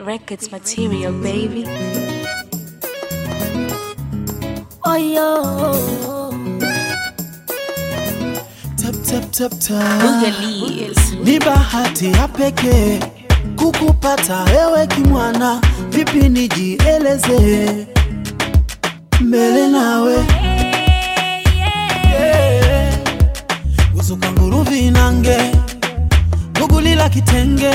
Great Records material, baby. Oh, yo. Tap, tap, tap, tap. Ni bahati ya pekee kukupata ewe kimwana, vipi nijieleze mbele nawe yeah. uzuka nguruvi nange gugulila kitenge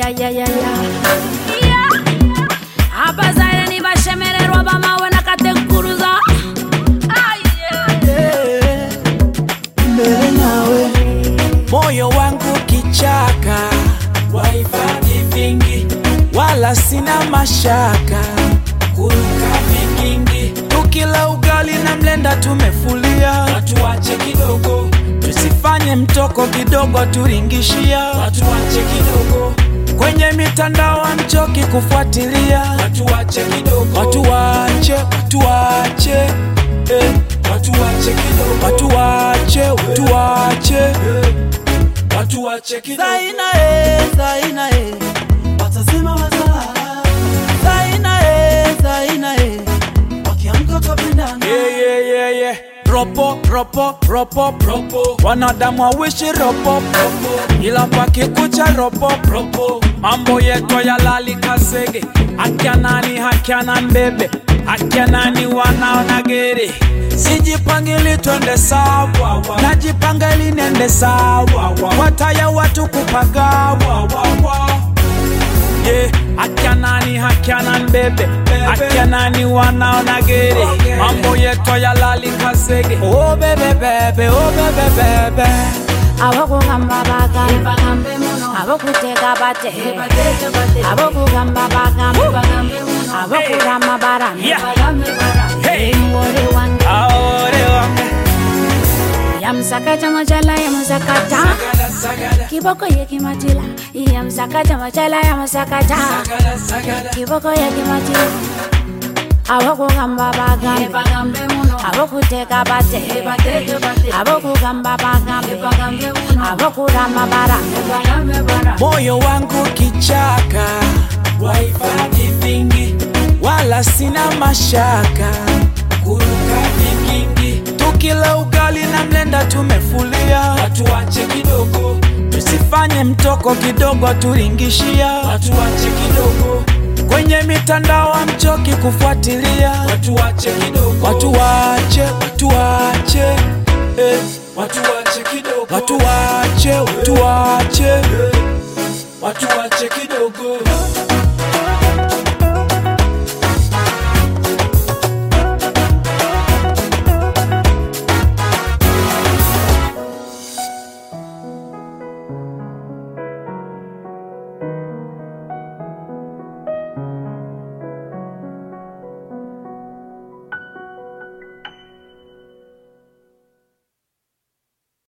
ya ya ya ya abazaire nibashemererwa moyo wangu kichaka wahifadhi vingi wala sina mashaka kuruka vikingi tukila ugali na mlenda tumefulia tuache kidogo tusifanye mtoko kidogo turingishia watuache kidogo kwenye mitandao amchoki kufuatilia, watu wache kidogo, watu wache, watu wache eh, watu wache kidogo, watu wache, watu wache, eh. watu wache kidogo, Zaina eh, Zaina eh ropo ropo ropo ropo, wanadamu wawishi ropo ropo, ila pakikucha ropo ropo, mambo yetu yalalika kasege akia nani hakia na mbebe akia nani wanaona gere Sijipangili twende sawa, najipangili nende sawa, wataya watu kupagawa yeah. Akia nani hakia na mbebe, akia nani wanaona gere, mambo yetu yalalika sege oh bebe bebe oh bebe bebe abokugamba bagambe abokuteka bateke abokugamba bagambe abokugamba barame muwole wange yamsakata machala yamusakata kiboko yekimatila yamsakata machala yamusakata kiboko yekimatila abokugamba bagambe bate abokugamba bagambe bara moyo wangu kichaka wala sina mashaka vikingi tukila ugali na mlenda tumefulia kidogo tusifanye mtoko kidogo turingishia Watu mtandao amchoki kufuatilia, watu wache kidogo, watu wache, watu wache, eh, watu wache kidogo, watu wache, watu wache, eh. watu wache kidogo